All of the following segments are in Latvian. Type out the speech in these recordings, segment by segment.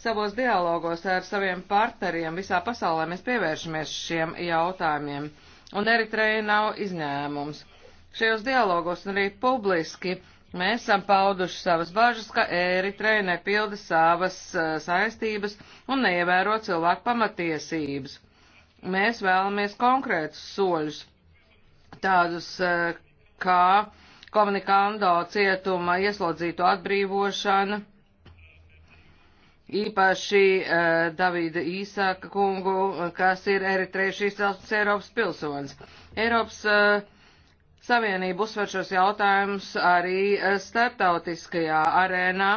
Savos dialogos ar saviem partneriem visā pasaulē mēs pievēršamies šiem jautājumiem, un Eritreja nav izņēmums. Šajos dialogos un arī publiski Mēs esam pauduši savas bažas, ka Eritreja nepilda savas uh, saistības un neievēro cilvēku pamatiesības. Mēs vēlamies konkrētus soļus, tādus uh, kā komunikando cietuma ieslodzīto atbrīvošana, īpaši uh, Davida Īsāka kungu, kas ir eritriešu izcelsmes Eiropas pilsonis. Eiropas uh, Savienība uzsver šos jautājumus arī eh, starptautiskajā arēnā,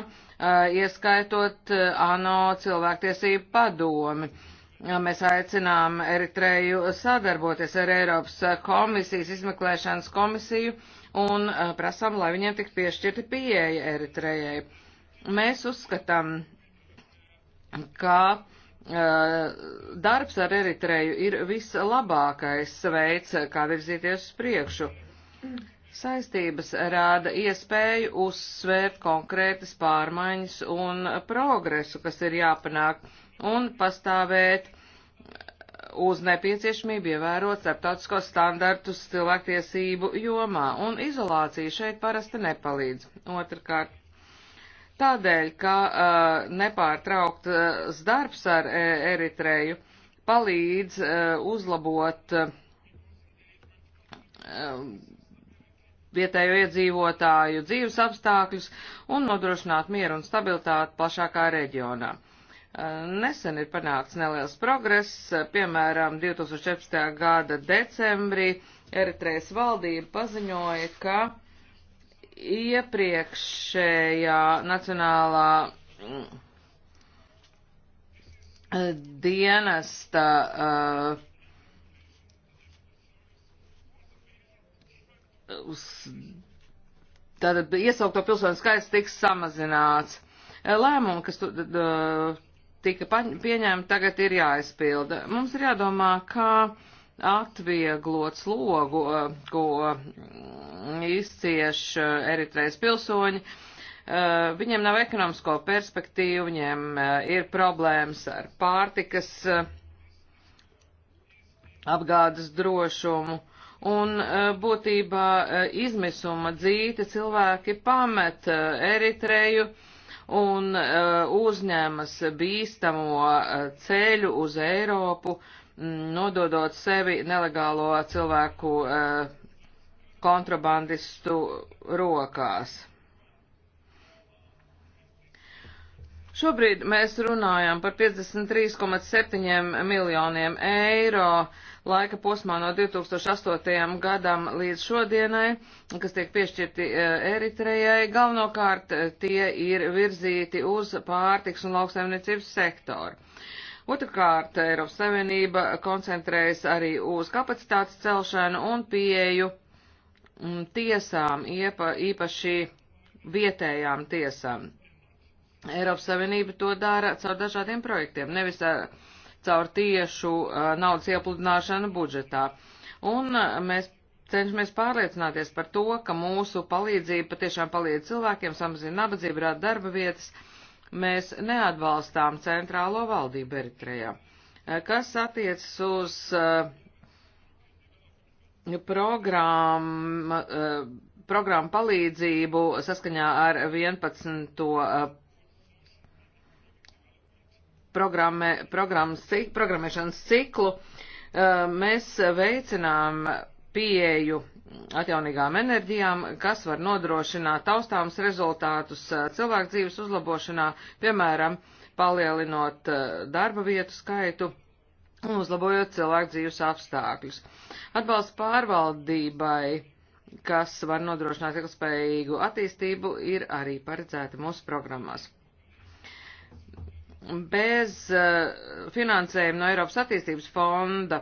ieskaitot ANO cilvēktiesību padomi. Mēs aicinām Eritreju sadarboties ar Eiropas komisijas izmeklēšanas komisiju un prasām, lai viņiem tik piešķirti pieeja Eritrejai. Mēs uzskatām, ka uh, darbs ar Eritreju ir vislabākais veids, kā virzīties uz priekšu. Saistības rāda iespēju uzsvērt konkrētas pārmaiņas un progresu, kas ir jāpanāk, un pastāvēt uz nepieciešamību ievērot starptautiskos standartus cilvēktiesību jomā, un izolācija šeit parasti nepalīdz. Otrkārt, tādēļ, ka uh, nepārtrauktas uh, darbs ar uh, Eritreju palīdz uh, uzlabot uh, vietējo iedzīvotāju dzīves apstākļus un nodrošināt mieru un stabilitāti plašākā reģionā. Uh, nesen ir panākts neliels progress, uh, piemēram, 2014. gada decembrī Eritrejas valdība paziņoja, ka iepriekšējā nacionālā mm, dienesta uh, tātad iesaukto pilsoņu skaits tiks samazināts. Lēmumi, kas tu, tika pieņemti, tagad ir jāizpilda. Mums ir jādomā, kā ka atvieglot slogu, eh, ko mm, izcieš eh, Eritrejas pilsoņi. Eh, viņiem nav ekonomisko perspektīvu, viņiem ir problēmas ar pārtikas apgādes drošumu, un būtībā izmisuma dzīte cilvēki pamet Eritreju un uzņemas bīstamo ceļu uz Eiropu, nododot sevi nelegālo cilvēku eh, kontrabandistu rokās. Šobrīd mēs runājam par 53,7 miljoniem eiro laika posmā no 2008. gadam līdz šodienai, kas tiek piešķirti eh, Eritrejai. Galvenokārt eh, tie ir virzīti uz pārtiks un lauksaimniecības sektoru. Otrakārt, Eiropas Savienība koncentrējas arī uz kapacitātes celšanu un pieeju mm, tiesām, iepa, īpaši vietējām tiesām. Eiropas Savienība to dara caur dažādiem projektiem, nevis caur tiešu naudas iepludināšanu budžetā. Un mēs cenšamies pārliecināties par to, ka mūsu palīdzība patiešām palīdz cilvēkiem, samazina nabadzību, rada darba vietas, uh, Mēs neatbalstām centrālo valdību Eritrejā. Eh, kas attiecas uz uh, eh, programmu, uh, eh, programmu palīdzību saskaņā ar 11. Programme, programmas, programmēšanas ciklu, mēs veicinām pieeju atjaunīgām enerģijām, kas var nodrošināt taustāms rezultātus eh, cilvēku dzīves uzlabošanā, piemēram, palielinot eh, darba vietu skaitu un uzlabojot cilvēku dzīves apstākļus. Atbalsts pārvaldībai, kas var nodrošināt ilgspējīgu attīstību, ir arī paredzēta mūsu programmās bez uh, finansējuma no Eiropas attīstības fonda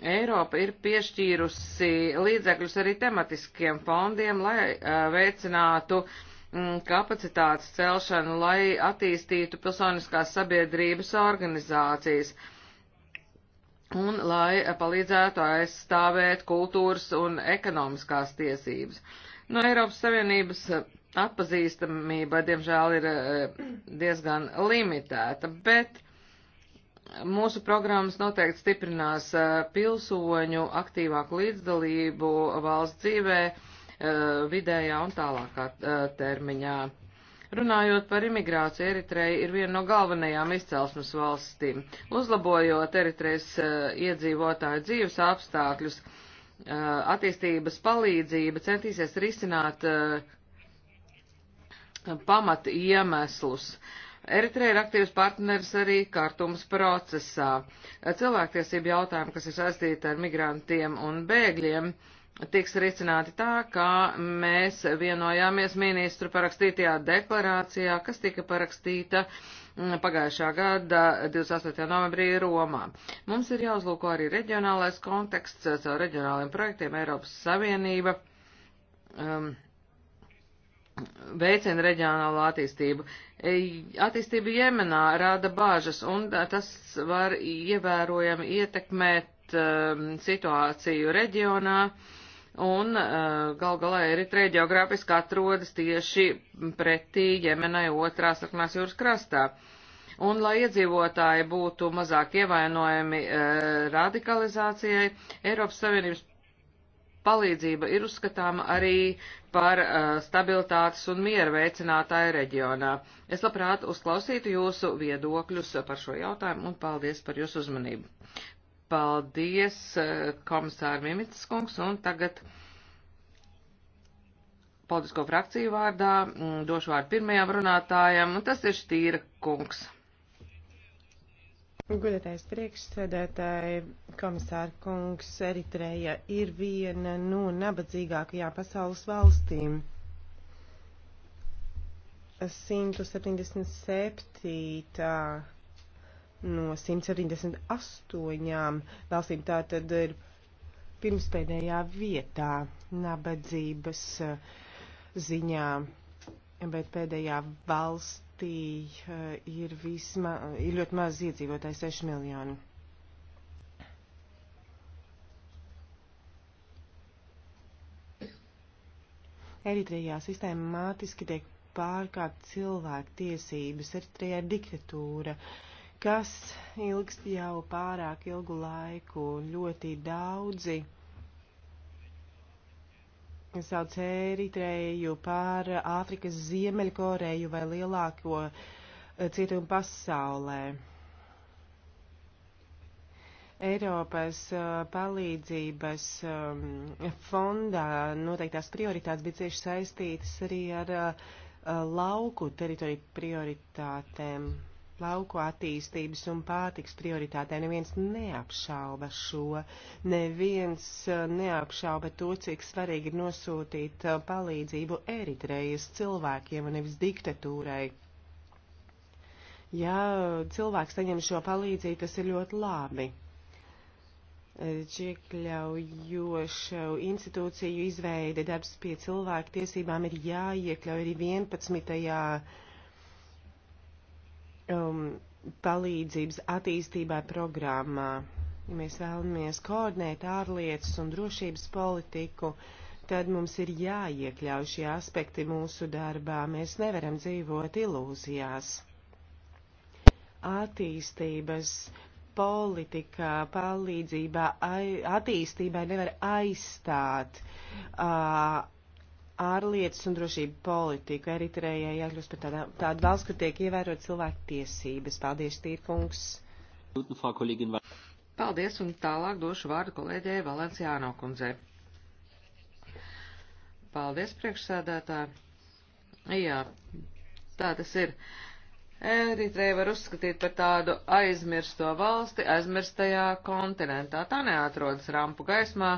Eiropa ir piešķīrusi līdzekļus arī tematiskiem fondiem, lai veicinātu mm, kapacitātes celšanu, lai attīstītu pilsoniskās sabiedrības organizācijas un lai palīdzētu aizstāvēt kultūras un ekonomiskās tiesības. No Eiropas Savienības atpazīstamība, diemžēl, ir diezgan limitēta, bet Mūsu programmas noteikti stiprinās pilsoņu aktīvāku līdzdalību valsts dzīvē, vidējā un tālākā termiņā. Runājot par imigrāciju, Eritreja ir viena no galvenajām izcelsmes valstīm. Uzlabojot Eritrejas iedzīvotāju dzīves apstākļus, attīstības palīdzība centīsies risināt pamat iemeslus. Uh, Eritreja ir aktīvs partneris arī kārtums procesā. Cilvēktiesību jautājumi, kas ir saistīti ar migrantiem un bēgļiem, tiks risināti tā, kā mēs vienojāmies ministru parakstītajā deklarācijā, kas tika parakstīta mm, pagājušā gada 28. novembrī Romā. Mums ir jāuzlūko arī reģionālais konteksts caur reģionāliem projektiem Eiropas Savienība. Um, veicina reģionālo attīstību. Attīstība Jemenā rada bāžas, un tas var ievērojami ietekmēt um, situāciju reģionā, un uh, gal galā Eritreja geogrāfiski atrodas tieši pretī Jemenai otrās sarkanās jūras krastā. Un, lai iedzīvotāji būtu mazāk ievainojami uh, radikalizācijai, Eiropas Savienības palīdzība ir uzskatāma arī par uh, stabilitātes un miera veicinātāju reģionā. Es labprāt uzklausītu jūsu viedokļus par šo jautājumu un paldies par jūsu uzmanību. Paldies, uh, komisāri Mimits kungs, un tagad politisko frakciju vārdā m, mm, došu vārdu pirmajam runātājam, un tas ir Štīra kungs. Godētais priekšsēdētāji, komisāra kungs, Eritreja ir viena no nabadzīgākajām pasaules valstīm. 177. no 178 valstīm tā tad ir pirmspēdējā vietā nabadzības ziņā, bet pēdējā valsts valstī eh, ir, visma, ir ļoti maz iedzīvotāji, 6 miljoni. Eritrejā sistēmātiski tiek pārkāpt cilvēku tiesības. Eritrejā ir diktatūra, kas ilgst jau pārāk ilgu laiku. Ļoti daudzi sauc Eritreju par Āfrikas Ziemeļkoreju vai lielāko eh, cietumu pasaulē. Eiropas eh, palīdzības eh, fondā noteiktās prioritātes bija cieši saistītas arī ar lauku teritoriju prioritātēm lauku attīstības un pārtiks prioritātē. Neviens neapšauba šo, neviens uh, neapšauba to, cik svarīgi ir nosūtīt uh, palīdzību Eritrejas cilvēkiem un nevis diktatūrai. Ja cilvēks saņem šo palīdzību, tas ir ļoti labi iekļaujošu institūciju izveide, darbs pie cilvēku tiesībām ir jāiekļauj arī 11 um, palīdzības attīstībai programmā. Ja mēs vēlamies koordinēt ārlietas un drošības politiku, tad mums ir jāiekļauj šie aspekti mūsu darbā. Mēs nevaram dzīvot ilūzijās. Attīstības politikā, palīdzībā, ai, attīstībai nevar aizstāt uh, ārlietas un drošību politiku. Eritrējai jākļūst par tādā, tādu valsts, kur tiek ievērot cilvēku tiesības. Paldies, Tīrkungs. Paldies, un tālāk došu vārdu kolēģei Valenciāno kundzei. Paldies, priekšsēdētāji. Jā, tā tas ir. Eritreja var uzskatīt par tādu aizmirsto valsti, aizmirstajā kontinentā. Tā neatrodas rampu gaismā,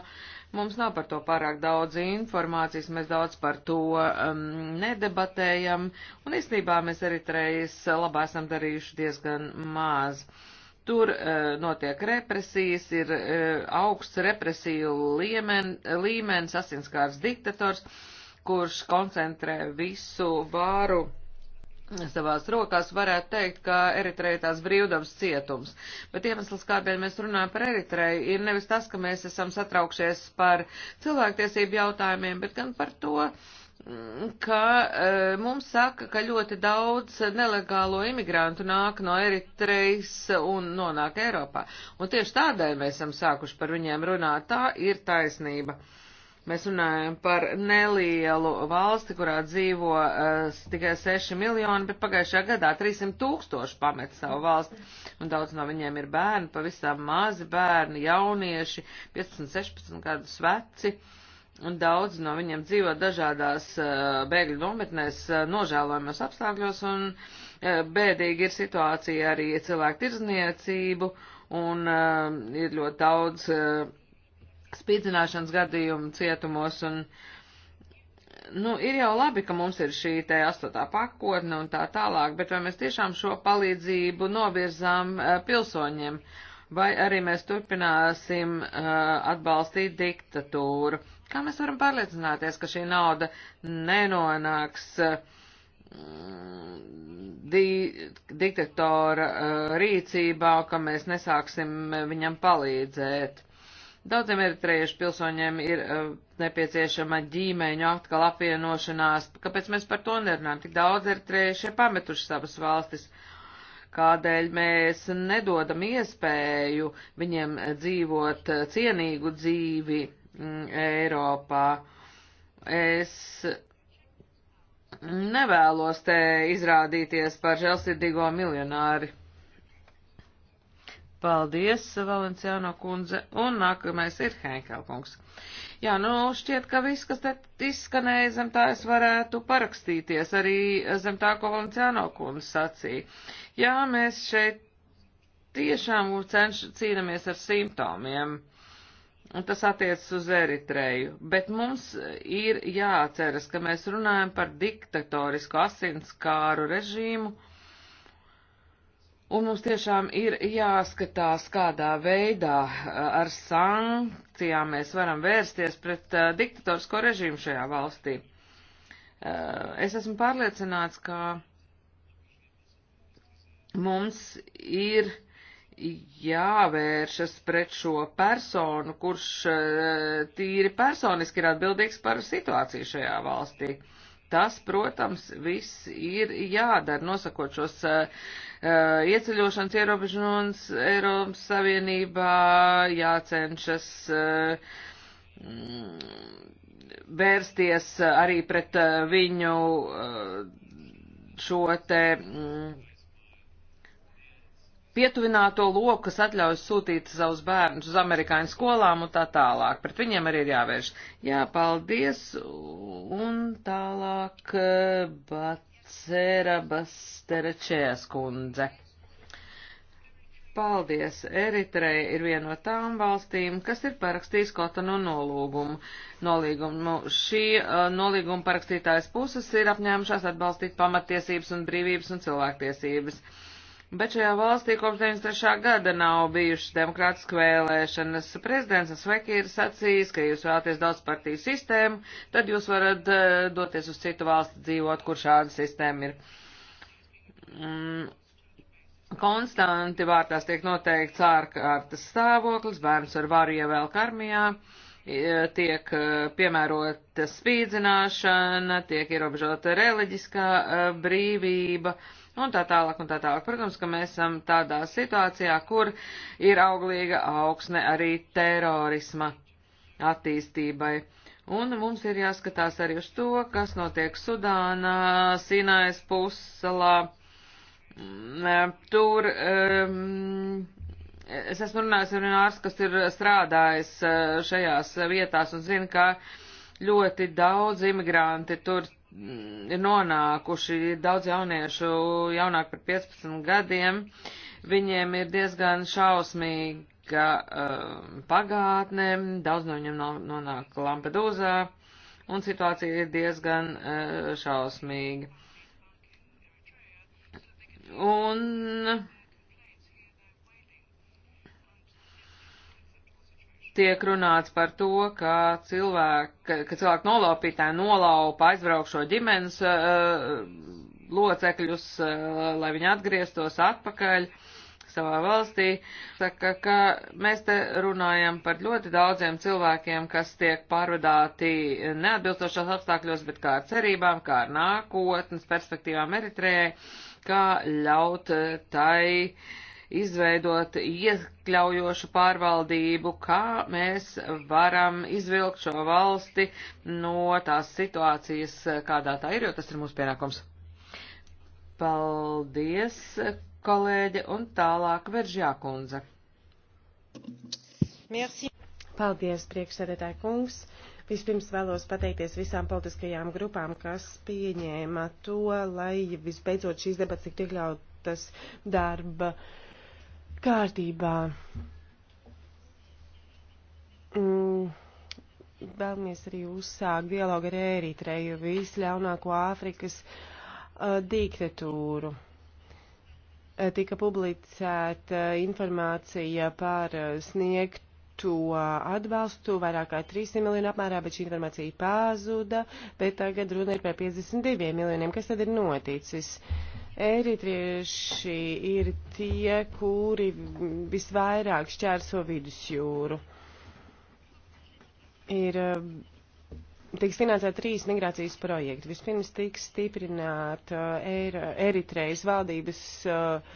Mums nav par to pārāk daudz informācijas, mēs daudz par to um, nedebatējam, un īstenībā mēs Eritrejas labā esam darījuši diezgan maz. Tur uh, notiek represijas, ir uh, augsts represiju liemen, līmenis, asinskārs diktators, kurš koncentrē visu vāru savās rokās, varētu teikt, ka Eritreja tās brīvdabas cietums. Bet iemesls, kādēļ mēs runājam par Eritreju, ir nevis tas, ka mēs esam satraukšies par cilvēktiesību jautājumiem, bet gan par to, mm, ka eh, mums saka, ka ļoti daudz nelegālo imigrantu nāk no Eritrejas un nonāk Eiropā. Un tieši tādēļ mēs esam sākuši par viņiem runāt. Tā ir taisnība. Uh, Mēs runājam par nelielu valsti, kurā dzīvo uh, tikai 6 miljoni, bet pagājušajā gadā 300 tūkstoši pamet savu valsti, un daudz no viņiem ir bērni, pavisam mazi bērni, jaunieši, 15, 16 gadus veci, un daudz no viņiem dzīvo dažādās uh, bēgļu nometnēs, uh, eh, nožēlojamos apstākļos, un uh, bēdīgi ir situācija arī cilvēku tirzniecību, un uh, ir ļoti daudz. Uh, spīdzināšanas gadījumu cietumos, un, nu, ir jau labi, ka mums ir šī te astotā pakotne un tā tālāk, bet vai mēs tiešām šo palīdzību novirzām eh, pilsoņiem, vai arī mēs turpināsim eh, atbalstīt diktatūru? Kā mēs varam pārliecināties, ka šī nauda nenonāks eh, di diktatora rīcībā, ka mēs nesāksim viņam palīdzēt? Daudziem eritrējušu pilsoņiem ir uh, nepieciešama ģīmeņu atkal apvienošanās. Kāpēc mēs par to nerunājam? Tik daudz eritrējuši ir pametuši savas valstis. Kādēļ mēs nedodam iespēju viņiem dzīvot uh, cienīgu dzīvi mm, Eiropā? Es nevēlos te izrādīties par žēlsirdīgo miljonāri. Paldies, Valenciāno kundze, un nākamais ir Henkelkungs. Jā, nu, šķiet, ka viss, kas te izskanēja zem tā, es varētu parakstīties arī zem tā, ko Valenciāno kundze sacīja. Jā, mēs šeit tiešām cenš, cīnamies ar simptomiem, un tas attiecas uz Eritreju, bet mums ir jāatceras, ka mēs runājam par diktatorisku asinskāru režīmu, Un mums tiešām ir jāskatās, kādā veidā eh, ar sankcijām mēs varam vērsties pret uh, diktatorisko režīmu šajā valstī. Uh, es esmu pārliecināts, ka mums ir jāvēršas pret šo personu, kurš uh, tīri personiski ir atbildīgs par situāciju šajā valstī. Uh, Tas, protams, viss ir jādara, nosakot šos uh, ieceļošanas ierobežojumus Eiropas Savienībā, jācenšas uh, vērsties arī pret viņu uh, šo te. Um, pietuvināto loku, kas atļauj sūtīt savus bērnus uz amerikāņu skolām un tā tālāk. Pret viņiem arī ir jāvērš. Jā, paldies. Un tālāk eh, Bacera Basterečēs kundze. Paldies! Eritreja ir viena no tām valstīm, kas ir parakstījis Kotonu nolūgumu. Nolīgumu. Šī uh, nolīguma parakstītājas puses ir apņēmušās atbalstīt pamatiesības un brīvības un cilvēktiesības. Uh, Bet šajā valstī kopš 93. gada nav bijušas demokrātiskas vēlēšanas. Prezidents Sveki ir sacījis, ka jūs vēlaties daudz partiju sistēmu, tad jūs varat eh, doties uz citu valsti dzīvot, kur šāda sistēma ir. Mm. Konstanti vārtās tiek noteikts ārkārtas stāvoklis, bērns ar varu ievēlk armijā, tiek eh, piemērota spīdzināšana, tiek ierobežota reliģiskā eh, brīvība. Uh, un tā tālāk un tā tālāk. Protams, ka mēs esam tādā situācijā, kur ir auglīga augsne arī terorisma attīstībai. Un mums ir jāskatās arī uz to, kas notiek Sudānā, Sinājas pussalā. Mm, eh, tur um, es esmu runājis ar runārs, kas ir strādājis eh, šajās vietās un zina, ka ļoti daudz imigranti tur ir nonākuši, ir daudz jauniešu jaunāk par 15 gadiem, viņiem ir diezgan šausmīga uh, pagātne, daudz no viņiem nonāk Lampedūzā, un situācija ir diezgan uh, šausmīga. Un tiek runāts par to, ka cilvēki, ka, ka cilvēki nolaupītāji nolaupa aizbraukšo ģimenes uh, locekļus, uh, lai viņi atgrieztos atpakaļ savā valstī. Saka, ka mēs te runājam par ļoti daudziem cilvēkiem, kas tiek pārvedāti neatbilstošos apstākļos, bet kā ar cerībām, kā ar nākotnes perspektīvām Eritrējai, kā ļaut eh, tai. Uh, izveidot iekļaujošu pārvaldību, kā mēs varam izvilkt šo valsti no tās situācijas, kādā tā ir, jo tas ir mūsu pienākums. Paldies, kolēģe, un tālāk Veržjā kundze. Merci. Paldies, priekšsēdētāji kungs. Vispirms vēlos pateikties visām politiskajām grupām, kas pieņēma to, lai visbeidzot šīs debats tiktu iekļautas darba uh, kārtībā. Mm. Vēlamies arī uzsākt dialogu ar Eritreju, visļaunāko Āfrikas uh, diktatūru. Uh, tika publicēta uh, informācija par uh, sniegt to atbalstu vairāk kā 300 miljonu apmērā, bet šī informācija pazuda, bet tagad runa ir par 52 miljoniem. Kas tad ir noticis? Uh, Eritrieši ir tie, kuri visvairāk šķērso vidusjūru. Ir eh, tiks finansēt trīs migrācijas projekti. Vispirms tiks stiprināt er, Eritrejas valdības eh,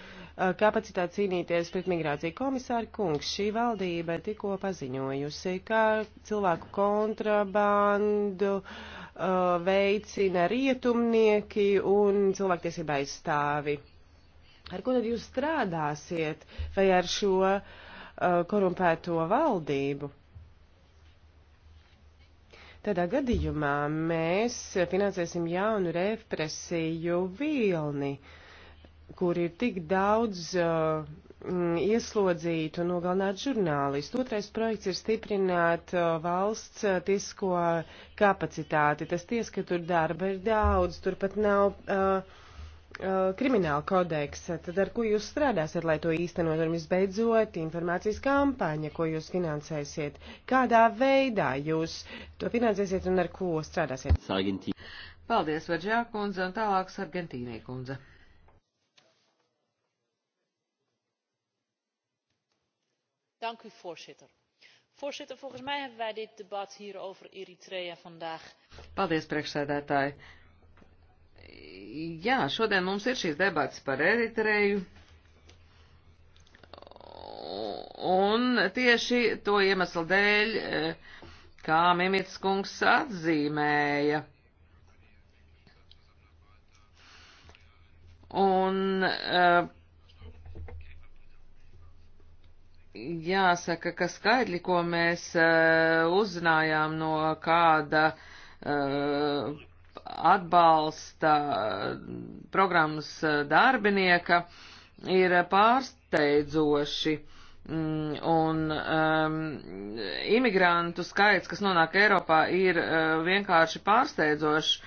kapacitāte cīnīties pret migrāciju. Komisāri kungs, šī valdība tikko paziņojusi, ka cilvēku kontrabandu uh, Uh, veicina rietumnieki un cilvēktiesība aizstāvi. Ar ko tad jūs strādāsiet? Vai ar šo uh, korumpēto valdību? Tādā gadījumā mēs finansēsim jaunu represiju vilni, kur ir tik daudz uh, Mm, ieslodzītu un nogalinātu žurnālistu. Otrais projekts ir stiprināt uh, valsts uh, tiesisko kapacitāti. Tas ties, ka tur darba ir daudz, tur pat nav uh, uh, krimināla kodeksa. Tad ar ko jūs strādāsiet, lai to īstenot? Un visbeidzot, informācijas kampaņa, ko jūs finansēsiet. Kādā veidā jūs to finansēsiet un ar ko strādāsiet? Paldies, Vaģā kundze, un tālāk Sargentīnī kundze. Voorzitter, volgens mij hebben wij dit debat hier over Eritrea vandaag. Paldies, priekšsēdētāji. Jā, šodien mums ir šīs debats par Eritreju. Un tieši to iemeslu dēļ, eh, kā Mimits kungs atzīmēja. Un uh, jāsaka, ka skaidri, ko mēs uh, uzzinājām no kāda uh, atbalsta eh, programmas darbinieka, ir pārsteidzoši. Mm, un um, imigrantu skaits, kas nonāk Eiropā, ir uh, vienkārši pārsteidzošs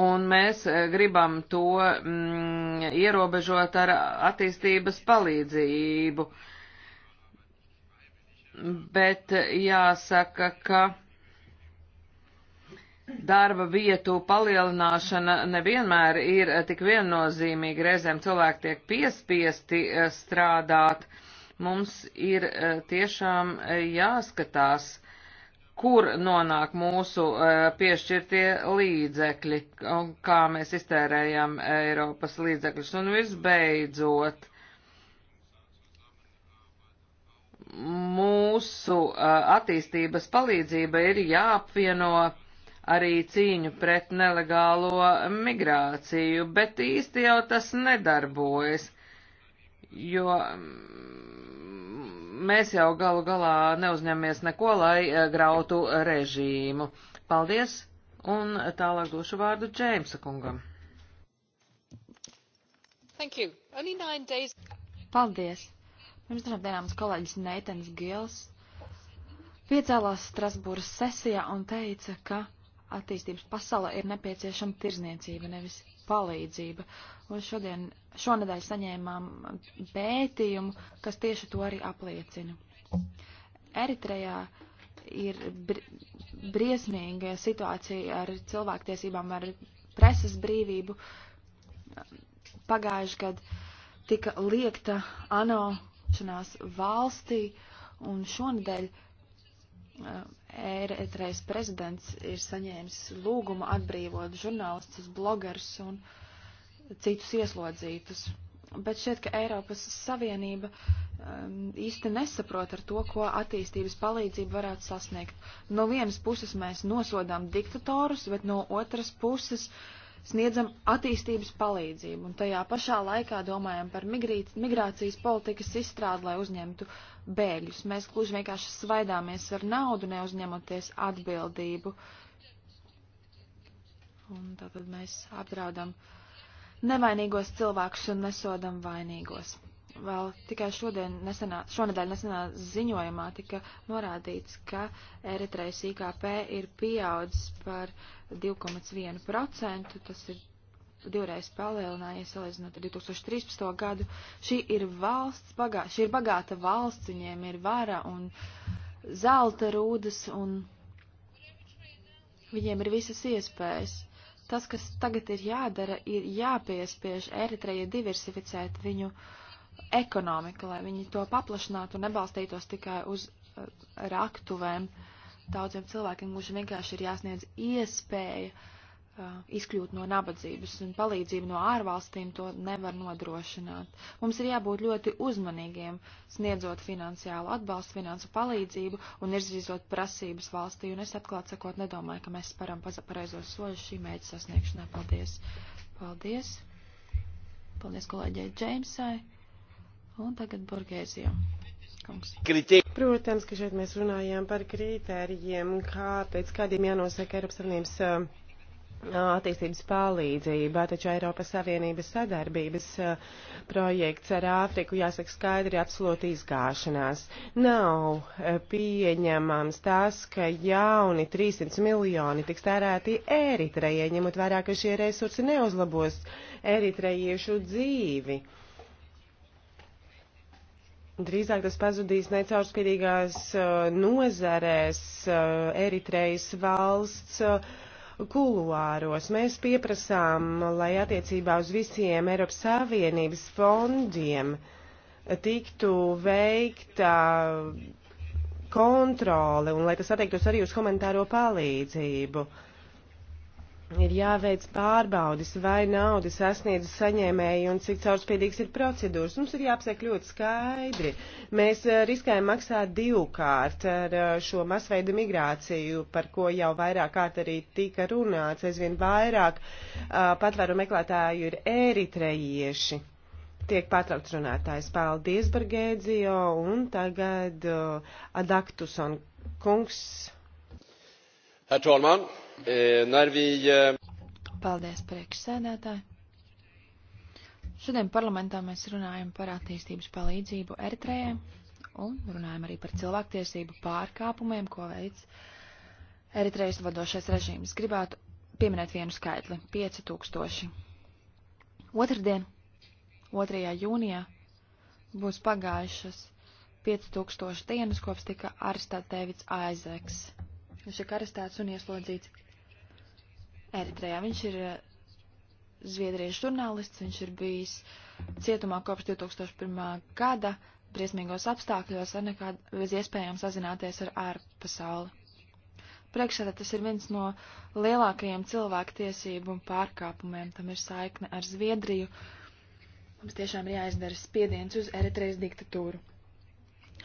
un mēs gribam to mm, ierobežot ar attīstības palīdzību bet eh, jāsaka, ka darba vietu palielināšana nevienmēr ir eh, tik viennozīmīga. Reizēm cilvēki tiek piespiesti eh, strādāt. Mums ir tiešām jāskatās, kur nonāk mūsu piešķirtie līdzekļi, kā mēs iztērējam Eiropas līdzekļus. Un visbeidzot, mūsu attīstības palīdzība ir jāapvieno arī cīņu pret nelegālo migrāciju, bet īsti jau tas nedarbojas, jo mm, mēs jau galu galā neuzņemies neko, lai grautu režīmu. Paldies, un tālāk došu vārdu Džeimsa kungam. Paldies! Pirms dažām dienām mans kolēģis Neitens Gils piecēlās Strasbūras sesijā un teica, ka attīstības pasaulē ir nepieciešama tirzniecība, nevis palīdzība. Un šodien, šonadēļ saņēmām pētījumu, kas tieši to arī apliecina. Eritrejā ir br briesmīga situācija ar cilvēktiesībām, ar preses brīvību. Pagājuši gadu tika liekta ANO šanās valstī, un šonadēļ Eritrejas eh, prezidents ir saņēmis lūgumu atbrīvot žurnālistus, blogerus un citus ieslodzītus. Bet šķiet, ka Eiropas Savienība um, īsti nesaprot ar to, ko attīstības palīdzība varētu sasniegt. No vienas puses mēs nosodām diktatorus, bet no otras puses uh, sniedzam attīstības palīdzību un tajā pašā laikā domājam par migrīt, migrācijas politikas izstrādi, lai uzņemtu bēgļus. Mēs gluži vienkārši svaidāmies ar naudu, neuzņemoties atbildību. Un tātad mēs apdraudam nevainīgos cilvēkus un nesodam vainīgos. Vēl tikai šodien nesenā, šonadēļ nesenā ziņojumā tika norādīts, ka Eritrejas IKP ir pieaudzis par 2,1%, tas ir divreiz palielinājies salīdzinot ar 2013. gadu. Šī ir valsts, bagā, šī ir bagāta valsts, viņiem ir vara un zelta rūdas un viņiem ir visas iespējas. Tas, kas tagad ir jādara, ir jāpiespiež Eritreja diversificēt viņu uh, ekonomiku, lai viņi to paplašinātu un nebalstītos tikai uz eh, raktuvēm. Daudziem cilvēkiem gluži vienkārši ir jāsniedz iespēja uh, izkļūt no nabadzības, un palīdzību no ārvalstīm to nevar nodrošināt. Mums ir jābūt ļoti uzmanīgiem, sniedzot finansiālu atbalstu, finansu palīdzību un izrīzot prasības valstī, un es atklāt sakot nedomāju, ka mēs sparam pareizos soļus šī mēģi sasniegšanā. Paldies! Paldies! Paldies kolēģei Džeimsai! Un tagad Borgēzija. Protams, ka šeit mēs runājām par kritērijiem, kāpēc kādiem jānosaka Eiropas Savienības attīstības palīdzība, taču Eiropas Savienības sadarbības projekts ar Āfriku, jāsaka skaidri, absolūti izgāšanās. Nav pieņemams tas, ka jauni 300 miljoni tiks tērēti Eritrejai, ņemot vērā, ka šie resursi neuzlabos Eritrejiešu dzīvi. Uh, Drīzāk tas pazudīs necaurspīdīgās uh, nozarēs uh, Eritrejas valsts uh, kuluāros. Mēs pieprasām, lai attiecībā uz visiem Eiropas Savienības fondiem tiktu veikta kontrole un lai tas attiektos arī uz humanitāro palīdzību. Uh, ir jāveic pārbaudis, vai nauda sasniedz saņēmēju un cik caurspīdīgs ir procedūras. Mums ir jāapsek ļoti skaidri. Mēs eh, riskējam maksāt divkārt ar eh, šo masveidu migrāciju, par ko jau vairāk kārt arī tika runāts. Aizvien vairāk eh, patvēru meklētāju ir eritrejieši. Tiek pārtraukts runātājs. Paldies, Bargēdzijo, un tagad Adaktuson kungs. Herr talman! Eh, Når vi... Eh, Paldies, priekšsēdētāji. Šodien parlamentā mēs runājam par attīstības palīdzību Eritrējai un runājam arī par cilvēktiesību pārkāpumiem, ko veids Eritrejas vadošais režīms. Gribētu pieminēt vienu skaitli - 5000. Otradien, 2. jūnijā, būs pagājušas 5000 dienas, kopš tika arestēts Dēvids Aizeks. Viņš tika arestēts un ieslodzīts Eritrejā. Viņš ir eh, zviedriešu žurnālists, viņš ir bijis cietumā kopš 2001. gada, briesmīgos apstākļos, ar nekādu bez iespējām sazināties ar ārpasauli. Priekšsēdā tas ir viens no lielākajiem cilvēktiesību pārkāpumiem, tam ir saikne ar Zviedriju. Mums tiešām ir jāizdara spiediens uz Eritrejas diktatūru.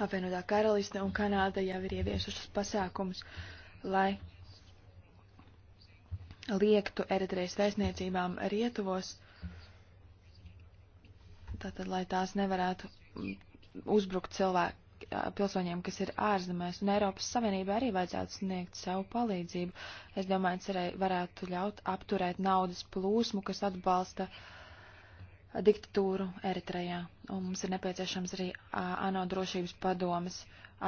Apvienotā karaliste un Kanāda jau ir ieviešušas pasākums, lai liektu Eritrejas vēstniecībām rietuvos, tātad, lai tās nevarētu uzbrukt cilvēku pilsoņiem, kas ir ārzemēs, un Eiropas Savienība arī vajadzētu sniegt savu palīdzību. Es domāju, tas arī varētu ļaut apturēt naudas plūsmu, kas atbalsta diktatūru Eritrejā, un mums ir nepieciešams arī ANO drošības padomas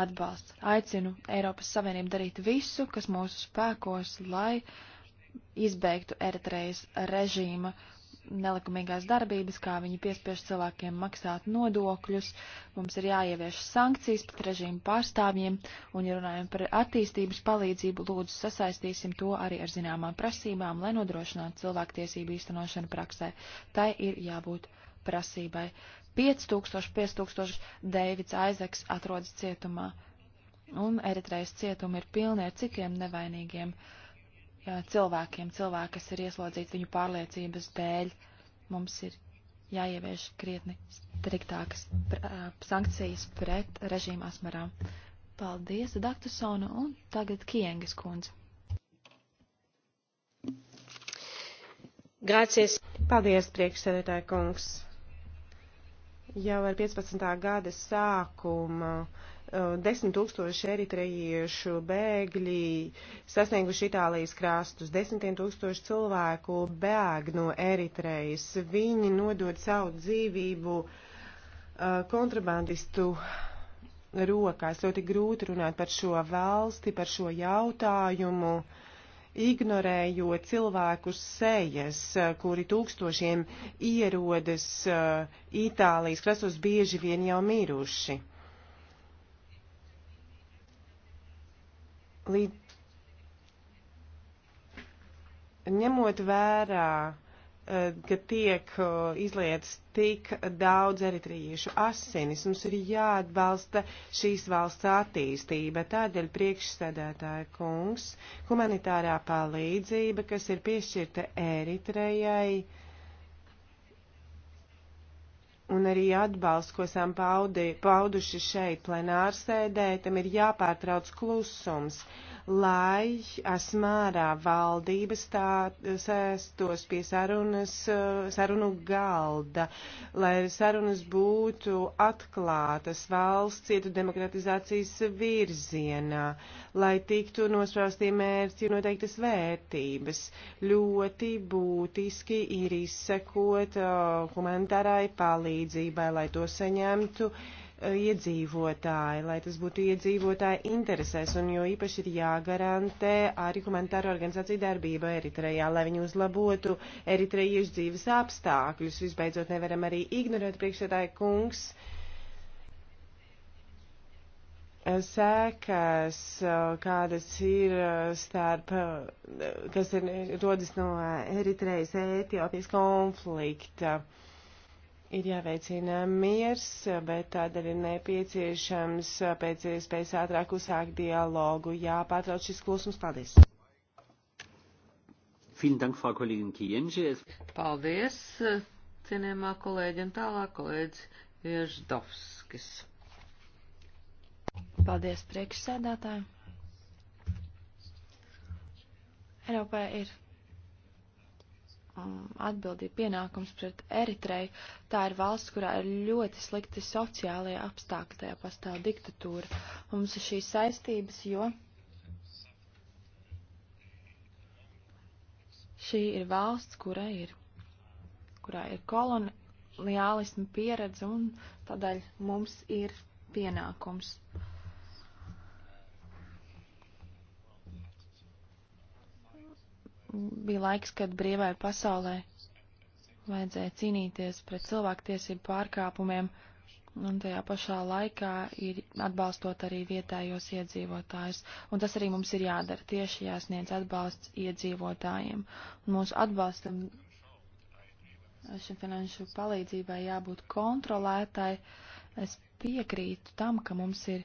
atbalsts. Aicinu Eiropas Savienību darīt visu, kas mūsu spēkos, lai uh, izbeigtu Eritrejas režīma nelikumīgās darbības, kā viņi piespiež cilvēkiem maksāt nodokļus. Mums ir jāievieš sankcijas pret režīmu pārstāvjiem, un, ja runājam par attīstības palīdzību, lūdzu sasaistīsim to arī ar zināmām prasībām, lai nodrošinātu cilvēktiesību īstenošanu praksē. Tai ir jābūt prasībai. 5000, 5000 Deivids Aizeks atrodas cietumā, un Eritrejas cietumi ir pilni ar citiem nevainīgiem. Uh, jā, cilvēkiem, cilvēki, kas ir ieslodzīti viņu pārliecības dēļ. Mums ir jāievieš krietni striktākas sankcijas pret režīmu asmarām. Paldies, Daktusona, un tagad Kienges kundze. Grācies. Paldies, priekšsēdētāja kungs. Jau ar 15. gada sākumu Desmit tūkstoši eritrejiešu bēgļi sasnieguši Itālijas krastus, desmitiem tūkstoši cilvēku bēg no Eritrejas. Viņi nodod savu dzīvību uh, kontrabandistu rokās. Ļoti grūti runāt par šo valsti, par šo jautājumu, ignorējot cilvēku sejas, uh, kuri tūkstošiem ierodas uh, Itālijas krasos bieži vien jau miruši. Līdz ņemot vērā, eh, ka tiek eh, izlietas tik daudz eritrījušu asinis, mums ir jāatbalsta šīs valsts attīstība. Tādēļ priekšsēdētāja kungs, humanitārā palīdzība, kas ir piešķirta Eritrejai, un arī atbalsts, ko esam paudi, pauduši šeit plenārsēdē, tam ir jāpārtrauc klusums, lai asmārā valdības tā sēstos pie sarunas, sarunu galda, lai sarunas būtu atklātas valsts cietu demokratizācijas virzienā, lai tiktu nospraustie mērķi un noteiktas vērtības. Ļoti būtiski ir izsekot uh, humanitārai palīdzībai palīdzībai, lai to saņemtu e, iedzīvotāji, lai tas būtu iedzīvotāji interesēs, un jo īpaši ir jāgarantē arī humanitāra organizācija darbība Eritrejā, lai viņi uzlabotu eritrejiešu dzīves apstākļus. Visbeidzot, nevaram arī ignorēt priekšsēdāju kungs e, sēkas, e, kādas ir starp, kas ir rodas no Eritrejas Ētiopijas konflikta. Uh, Ir jāveicina miers, bet tādēļ ir nepieciešams pēc iespējas ātrāk uzsākt dialogu. Jāpārtrauc šis klusums. Paldies! Paldies, cienījumā kolēģi, un tālāk kolēģis Vieždovskis. Paldies, priekšsēdētāji. Eiropā ir atbildība pienākums pret Eritreju. Tā ir valsts, kurā ir ļoti slikti sociālie apstākļi, tajā pastāv diktatūra. Mums ir šīs saistības, jo šī ir valsts, kura ir, kurā ir koloniālisma pieredze un tādēļ mums ir pienākums. Uh, bija laiks, kad brīvai pasaulē vajadzēja cīnīties pret cilvēktiesību pārkāpumiem, un tajā pašā laikā ir atbalstot arī vietējos iedzīvotājus. Un tas arī mums ir jādara, tieši jāsniedz atbalsts iedzīvotājiem. Un mūsu atbalstam šim finanšu palīdzībai jābūt kontrolētai. Es piekrītu tam, ka mums ir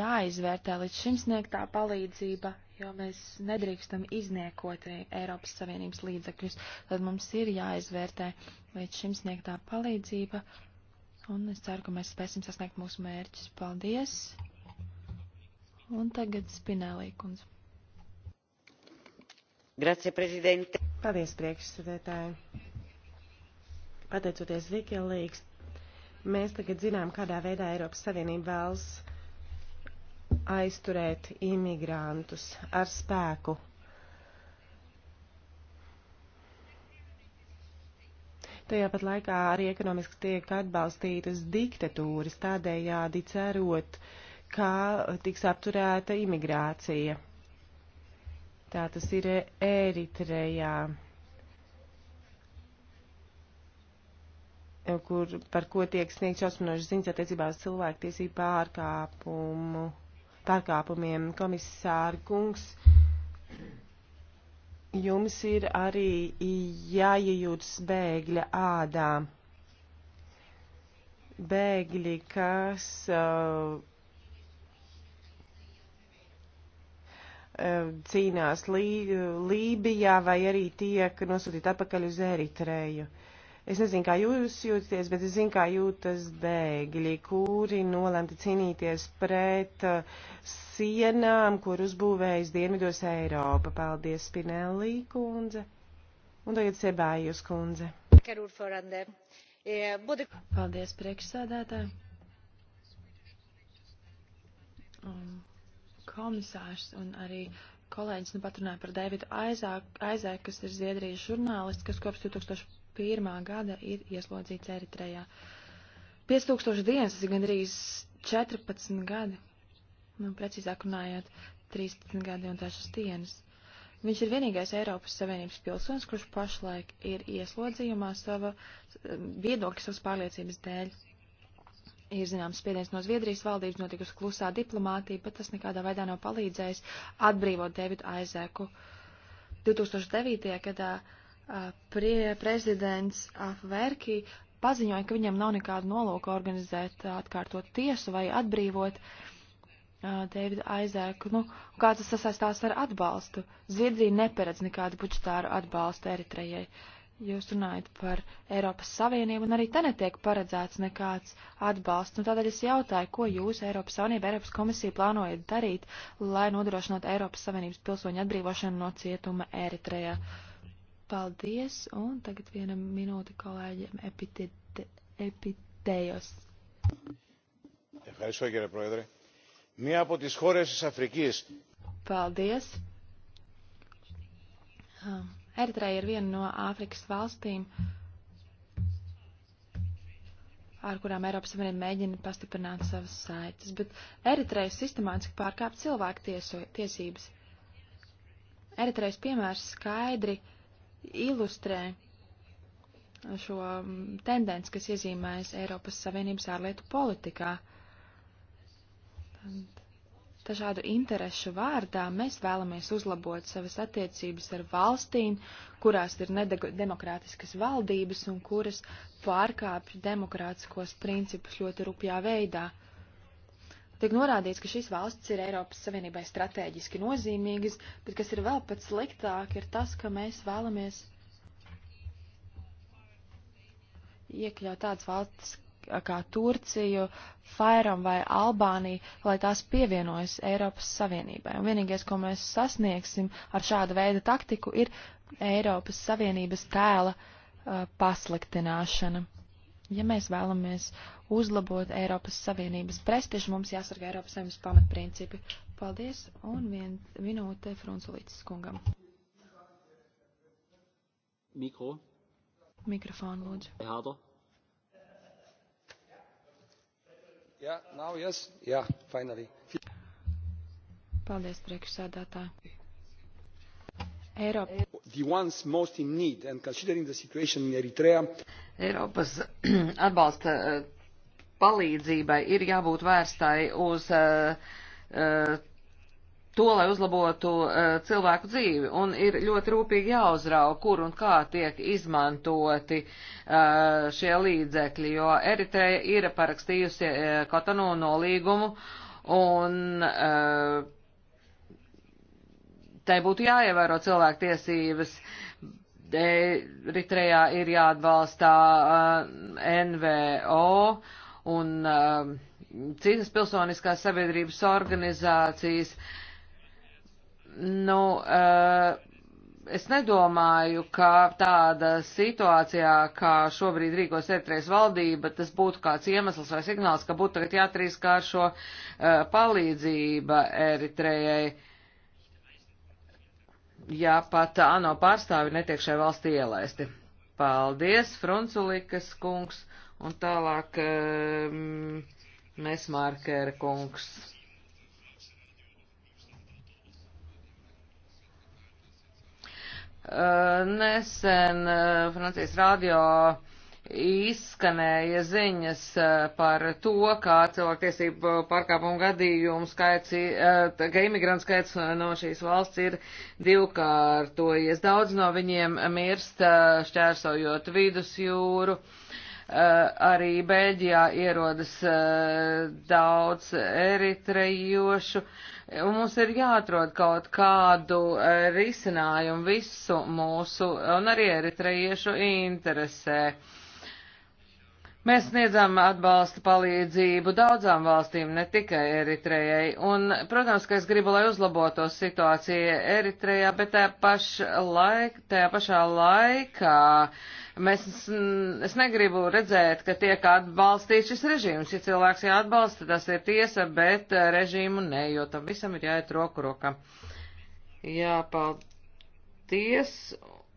jāizvērtē līdz šim sniegtā palīdzība, jo mēs nedrīkstam izniekot arī Eiropas Savienības līdzekļus. Tad mums ir jāizvērtē līdz šim sniegtā palīdzība, un es ceru, ka mēs spēsim sasniegt mūsu mērķus. Paldies! Un tagad Spinelī kundze. Grazie, prezidente! Paldies, priekšsēdētāji! Pateicoties Wikileaks, mēs tagad zinām, kādā veidā Eiropas Savienība vēlas aizturēt imigrantus ar spēku. Tajā pat laikā arī ekonomiski tiek atbalstītas diktatūras, tādējādi cerot, kā tiks apturēta imigrācija. Tā tas ir Eritrejā, kur, par ko tiek sniegts šausminošas ziņas attiecībā uz cilvēktiesību pārkāpumu pārkāpumiem. Komisāra kungs, jums ir arī jāiejūtas bēgļa ādā. Bēgļi, kas. Uh, uh cīnās Lī Lībijā vai arī tiek nosūtīti atpakaļ uz Eritreju. Uh, Es nezinu, kā jūs jūties, bet es zinu, kā jūtas bēgļi, kuri nolemti cīnīties pret uh, sienām, kur uzbūvējas Dienvidos Eiropa. Paldies, Spinelli kundze. Un tagad Sebājus kundze. Paldies, priekšsēdētāji. Komisārs un arī kolēģis nu pat runāja par Davidu Aizēku, Aizēku, kas ir Zviedrijas žurnālists, kas kopš 2000 gada ir ieslodzīts Eritrejā. 5000 dienas, tas ir gandrīz 14 gadi, nu, precīzāk runājot, 13 gadi un dažas dienas. Viņš ir vienīgais Eiropas Savienības pilsonis, kurš pašlaik ir ieslodzījumā sava um, viedokļa, savas pārliecības dēļ. Ir zināms spiediens no Zviedrijas valdības, notikusi klusā diplomātija, bet tas nekādā veidā nav palīdzējis atbrīvot Davidu Aizeku. 2009. gadā uh, prie prezidents Afverki paziņoja, ka viņam nav nekāda nolūka organizēt atkārtot tiesu vai atbrīvot Deividu Aizēku. Nu, kā tas sasaistās ar atbalstu? Zviedrija neparedz nekādu budžetāru atbalstu Eritrejai. Jūs runājat par Eiropas Savienību, un arī te netiek paredzēts nekāds atbalsts. Nu, tādēļ es jautāju, ko jūs, Eiropas Savienība, Eiropas komisija plānojat darīt, lai nodrošinātu Eiropas Savienības pilsoņu atbrīvošanu no cietuma Eritrejā. Uh, Paldies, un tagad viena minūte kolēģiem Epitējos. Ευχαριστώ κύριε Πρόεδρε. Μία από τις χώρες της Αφρικής. Paldies. Hm, Eritreja ir viena no Āfrikas valstīm, ar kurām Eiropas Savienība mēģina pastiprināt savas saites, bet Eritreja sistemātiski pārkāp cilvēku tiesības. Eritrejas piemērs skaidri uh, ilustrē šo mm, tendenci, kas iezīmējas Eiropas Savienības ārlietu politikā. Dažādu interešu vārdā mēs vēlamies uzlabot savas attiecības ar valstīm, kurās ir nedemokrātiskas valdības un kuras pārkāpj demokrātiskos principus ļoti rupjā veidā. Tiek norādīts, ka šīs valsts ir Eiropas Savienībai strateģiski nozīmīgas, bet kas ir vēl pat sliktāk, ir tas, ka mēs vēlamies iekļaut tādas valstis kā Turciju, Fairam vai Albāniju, lai tās pievienojas Eiropas Savienībai. Un vienīgais, ko mēs sasniegsim ar šādu veidu taktiku, ir Eiropas Savienības tēla uh, pasliktināšana. Ja mēs vēlamies uzlabot Eiropas Savienības prestižu, mums jāsargā Eiropas Savienības pamatprincipi. Paldies, un vien minūte Frunzulītis kungam. Mikro. Mikrofonu lūdzu. Hado. Yeah, now yes. Yeah, finally. Paldies, priekšsēdētāji. Eiropa. Eiropas atbalsta eh, palīdzībai ir jābūt vērstai uz uh, uh, to, lai uzlabotu uh, cilvēku dzīvi, un ir ļoti rūpīgi jāuzrauga, kur un kā tiek izmantoti šie līdzekļi, jo Eritreja ir parakstījusi Kotanu nolīgumu, un uh, tai būtu jāievēro cilvēktiesības. Eritrejā ir jāatbalstā uh, NVO un uh, citas pilsoniskās sabiedrības organizācijas. Nu, uh, es nedomāju, ka tāda situācijā, kā šobrīd rīkos Eritrejas valdība, tas būtu kāds iemesls vai signāls, ka būtu tagad jātrīskāršo uh, palīdzība Eritrejai. Uh, ja pat ANO pārstāvi netiek šai valstī ielaisti. Paldies, Frunculikas kungs, un tālāk um, Mesmārkēra kungs. Uh, nesen uh, Francijas radio uh, izskanēja ziņas eh, par to, kā cilvēktiesību pārkāpumu gadījumu skaits, eh, ka imigrantu skaits eh, no šīs valsts ir divkārtojies. Daudz no viņiem mirst šķērsojot vidusjūru. Arī Bēļģijā ierodas daudz eritrejošu. Un mums ir jāatrod kaut kādu risinājumu visu mūsu un arī eritrejiešu interesē. Mēs sniedzam atbalsta palīdzību daudzām valstīm, ne tikai Eritrejai. Un, protams, ka es gribu, lai uzlabotos situācija Eritrejā, bet tajā, paš laik, tajā pašā laikā mēs, es negribu redzēt, ka tiek atbalstīts šis režīms. Ja cilvēks jāatbalsta, tas ir tiesa, bet režīmu nē, jo tam visam ir jāiet roku roka. Jā, paldies.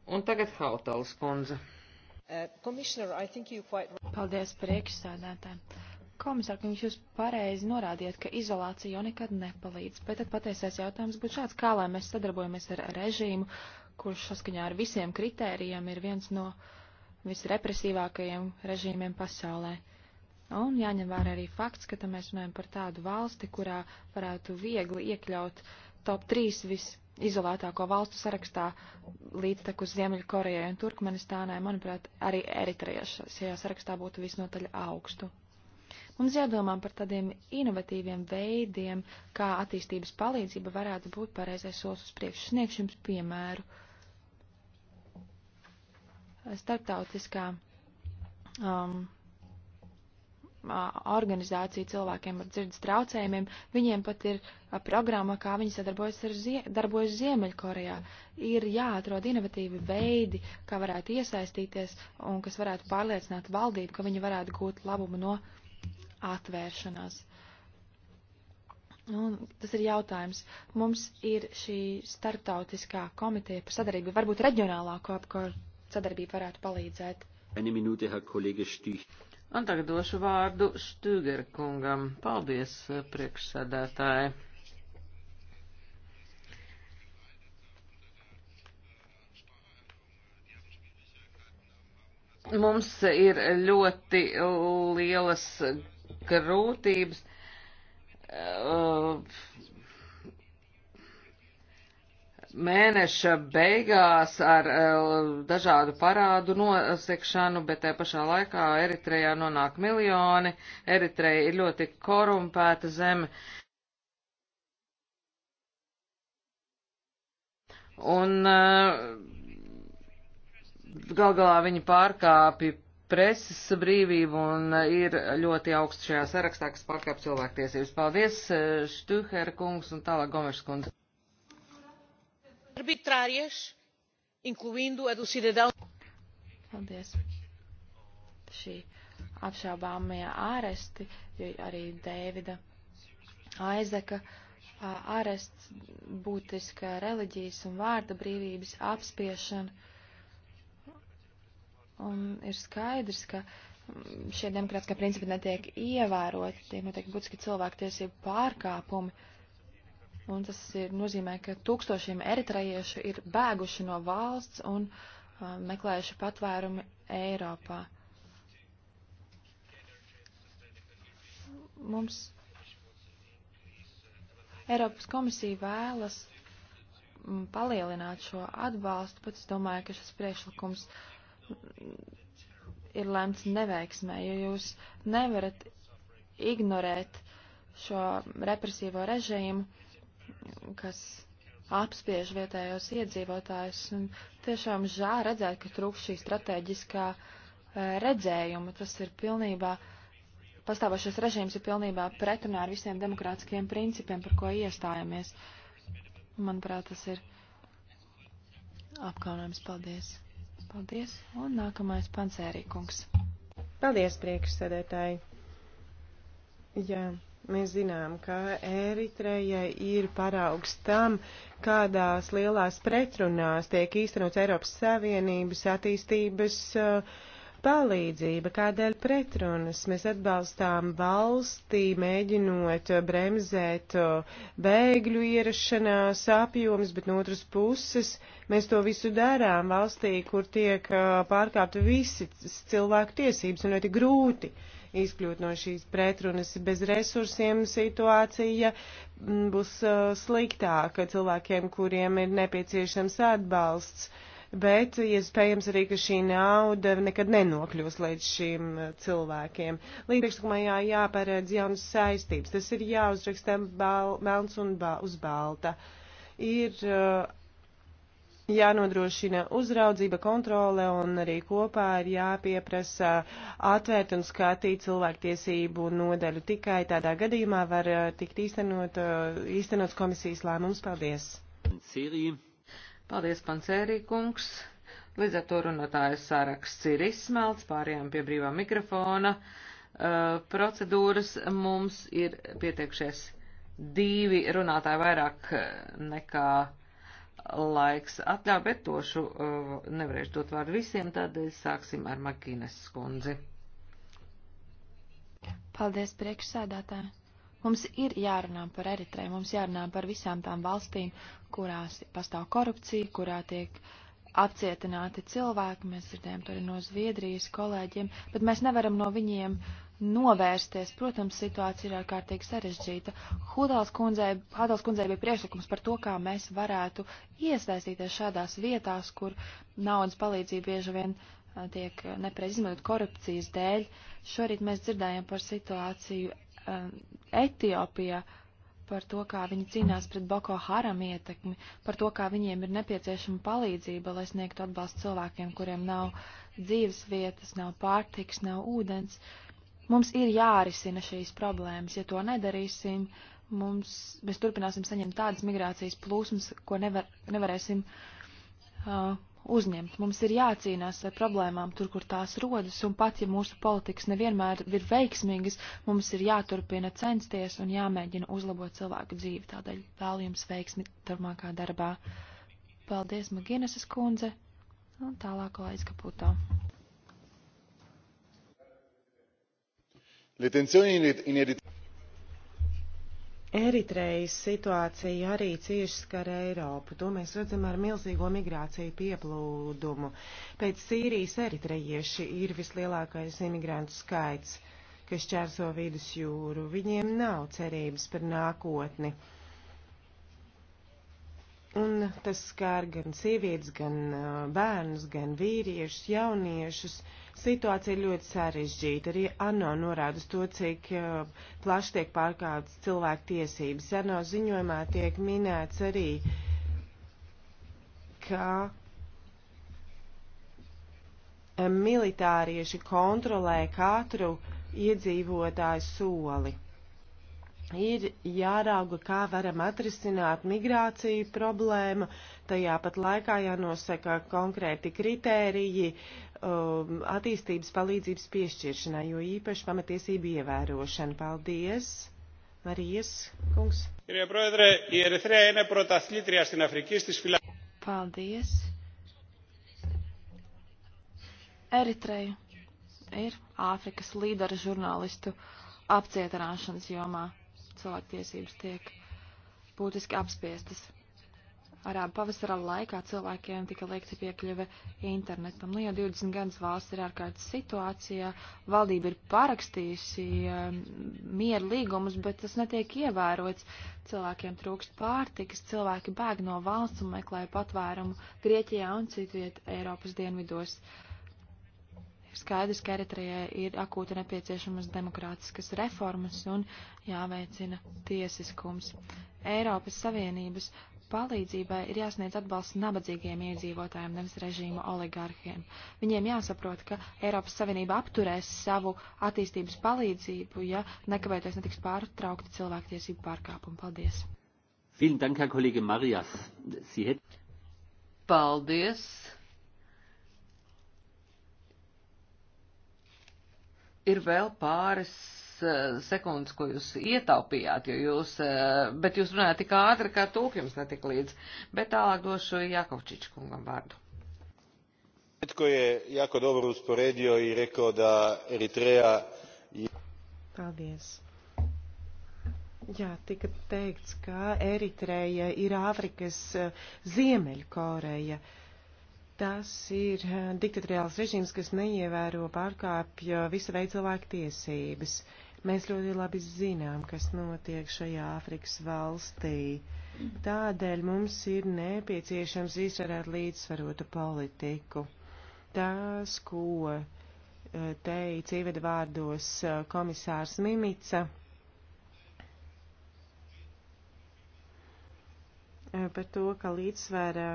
Un tagad Hautalas kundze. Uh, Paldies priekšsēdētājiem. Komisār, kungs, jūs pareizi norādījāt, ka izolācija jau nekad nepalīdz, bet tad patiesais jautājums būtu šāds, kā lai mēs sadarbojamies ar režīmu, kurš saskaņā ar visiem kritērijiem ir viens no visrepresīvākajiem režīmiem pasaulē. Un jāņem vērā arī fakts, ka mēs runājam par tādu valsti, kurā varētu viegli iekļaut top 3 vis izolētāko valstu sarakstā līdztekus Ziemeļkorejai un Turkmenistānai, manuprāt, arī Eritrejaši šajā sarakstā būtu visnotaļ augstu. Mums jādomā par tādiem inovatīviem veidiem, kā attīstības palīdzība varētu būt pareizais solis uz priekšu. Sniegšu jums piemēru. Starptautiskā um, organizācija cilvēkiem ar dzirdes traucējumiem, viņiem pat ir programma, kā viņi sadarbojas ar zie, darbojas Ziemeļkorejā. Ir jāatrod inovatīvi veidi, kā varētu iesaistīties un kas varētu pārliecināt valdību, ka viņi varētu gūt labumu no atvēršanās. Un tas ir jautājums. Mums ir šī startautiskā komiteja par sadarbību, varbūt reģionālā kopko sadarbība varētu palīdzēt. Eine Minute, Herr Kollege Stich. Un tagad došu vārdu Štūgera kungam. Paldies, eh, priekšsēdētāji. Mums ir ļoti lielas grūtības. Uh, mēneša beigās ar eh, dažādu parādu nosekšanu, bet te pašā laikā Eritrejā nonāk miljoni. Eritreja ir ļoti korumpēta zeme. Un eh, gal galā viņi pārkāpja preses brīvību un eh, ir ļoti augsts šajā sarakstā, kas pārkāpj cilvēktiesības. Paldies, Štuher kungs un tālāk Gomešs kundze arbitrárias, incluindo a do cidadão. Paldies. Šī apšaubāmie āresti, jo arī Dēvida Aizeka ārests, būtiska reliģijas un vārda brīvības apspiešana. Un ir skaidrs, ka šie demokrātiskie principi netiek ievēroti, tiek noteikti būtiski cilvēktiesību pārkāpumi. Un tas ir, nozīmē, ka tūkstošiem eritrejiešu ir bēguši no valsts un uh, meklējuši patvērumu Eiropā. Mums Eiropas komisija vēlas mm, palielināt šo atbalstu, bet es domāju, ka šis priekšlikums mm, ir lemts neveiksmē, jo jūs nevarat ignorēt šo represīvo režīmu kas apspiež vietējos iedzīvotājus. Un tiešām žā redzēt, ka trūkst šī strateģiskā e, redzējuma. Tas ir pilnībā, pastāvošais režīms ir pilnībā pretrunā ar visiem demokrātiskiem principiem, par ko iestājamies. Manuprāt, tas ir apkaunojums. Paldies! Paldies! Un nākamais pansērīkungs. Paldies, priekšsēdētāji! Jā. Yeah. Mēs zinām, ka Eritrejai ir paraugs tam, kādās lielās pretrunās tiek īstenots Eiropas Savienības attīstības uh, palīdzība, kādēļ pretrunas. Mēs atbalstām valstī, mēģinot bremzēt uh, bēgļu ierašanās apjoms, bet no otras puses mēs to visu darām valstī, kur tiek uh, pārkāpta visi cilvēku tiesības un ļoti grūti. Uh, izkļūt no šīs pretrunas. Bez resursiem situācija mm, būs sliktāka cilvēkiem, kuriem ir nepieciešams atbalsts, bet iespējams arī, ka šī nauda nekad nenokļūs līdz šiem cilvēkiem. Līdz priekšlikumā jā, jāparedz jaunas saistības, tas ir jāuzraksta bal, melns un ba, uz balta. Ir uh, jānodrošina uzraudzība, kontrole un arī kopā ir jāpieprasa atvērt un skatīt cilvēktiesību nodaļu. Tikai tādā gadījumā var eh, tikt īstenot, eh, īstenots komisijas lēmums. Paldies! Pancīrī. Paldies, Pancērī kungs! Līdz ar to runātājas saraksts ir izsmelts, pārējām pie brīvā mikrofona. Uh, procedūras mums ir pieteikšies divi runātāji vairāk nekā laiks atļauj, bet tošu uh, nevarēšu dot vārdu visiem, tādēļ sāksim ar Makīnes skundzi. Paldies, priekšsēdētāji! Mums ir jārunā par Eritreju, mums jārunā par visām tām valstīm, kurās pastāv korupcija, kurā tiek apcietināti cilvēki, mēs dzirdējam to arī no Zviedrijas kolēģiem, bet mēs nevaram no viņiem uh, novērsties. Protams, situācija ir ārkārtīgi sarežģīta. Hudals kundzei, Hudals kundzei bija priekšlikums par to, kā mēs varētu iesaistīties šādās vietās, kur naudas palīdzība bieži vien tiek nepareiz izmantot korupcijas dēļ. Šorīt mēs dzirdējam par situāciju um, Etiopijā, par to, kā viņi cīnās pret Boko Haram ietekmi, par to, kā viņiem ir nepieciešama palīdzība, lai sniegtu atbalstu cilvēkiem, kuriem nav dzīves vietas, nav pārtiks, nav ūdens. Uh, Mums ir jārisina šīs problēmas. Ja to nedarīsim, mums, mēs turpināsim saņemt tādas migrācijas plūsmas, ko nevar, nevarēsim uh, uzņemt. Mums ir jācīnās ar problēmām tur, kur tās rodas, un pat ja mūsu politikas nevienmēr ir veiksmīgas, mums ir jāturpina censties un jāmēģina uzlabot cilvēku dzīvi. Tādēļ vēlu jums veiksmi turpmākā darbā. Paldies, Maginesas kundze, un tālāk Laiska Puto. le tensioni in eritrea. Eritrejas situācija arī cieši skar Eiropu. To mēs redzam ar milzīgo migrāciju pieplūdumu. Pēc Sīrijas eritrejieši ir vislielākais imigrantu skaits, kas čērso vidus jūru. Viņiem nav cerības par nākotni. Un tas skār gan sievietes, gan uh, bērnus, gan vīriešus, jauniešus. Situācija ir ļoti sarežģīta. Arī ANO norāda uz to, cik uh, plaši tiek pārkāptas cilvēku tiesības. ANO ziņojumā tiek minēts arī, ka militārieši kontrolē katru iedzīvotāju soli ir jārauga, kā varam atrisināt migrāciju problēmu, tajā pat laikā jānosaka konkrēti kritēriji um, attīstības palīdzības piešķiršanai, jo īpaši pamatiesību ievērošana. Paldies! Marijas kungs. Paldies! Eritreja ir Āfrikas līdera žurnālistu apcietināšanas jomā cilvēktiesības tiek būtiski apspiestas. Arābu pavasara laikā cilvēkiem tika liekta piekļuve internetam. Nu, ja 20 gadus valsts ir ārkārtas situācijā, valdība ir parakstījusi um, mieru līgumus, bet tas netiek ievērots. Cilvēkiem trūkst pārtikas, cilvēki bēg no valsts un meklē patvērumu Grieķijā un citviet Eiropas dienvidos. Uh, skaidrs, ka Eritrejai ir akūti nepieciešamas demokrātiskas reformas un jāveicina tiesiskums. Eiropas Savienības palīdzībai ir jāsniedz atbalsts nabadzīgiem iedzīvotājiem, nevis režīma oligārhiem. Viņiem jāsaprot, ka Eiropas Savienība apturēs savu attīstības palīdzību, ja nekavēties netiks pārtraukti cilvēktiesību pārkāpumi. Paldies! Vielen Dank, Herr Kollege Marijas. Sie hätten... Paldies! ir vēl pāris eh, sekundes, ko jūs ietaupījāt, jo jūs, eh, bet jūs runājāt tik ātri, ka tūk jums netika līdz. Bet tālāk došu Jakovčić kungam vārdu. Netko je jako dobro usporedio i rekao da Eritreja je... Paldies. Jā, tika teikts, ka Eritreja ir Āfrikas eh, Ziemeļkoreja. Uh, Tas ir eh, diktatoriāls režīms, kas neievēro pārkāpja eh, visu veidu cilvēku tiesības. Mēs ļoti labi zinām, kas notiek šajā Āfrikas valstī. Tādēļ mums ir nepieciešams izsverēt līdzsvarotu politiku. Tas, ko eh, teica ievada vārdos komisārs Mimica, par to, ka līdzsvera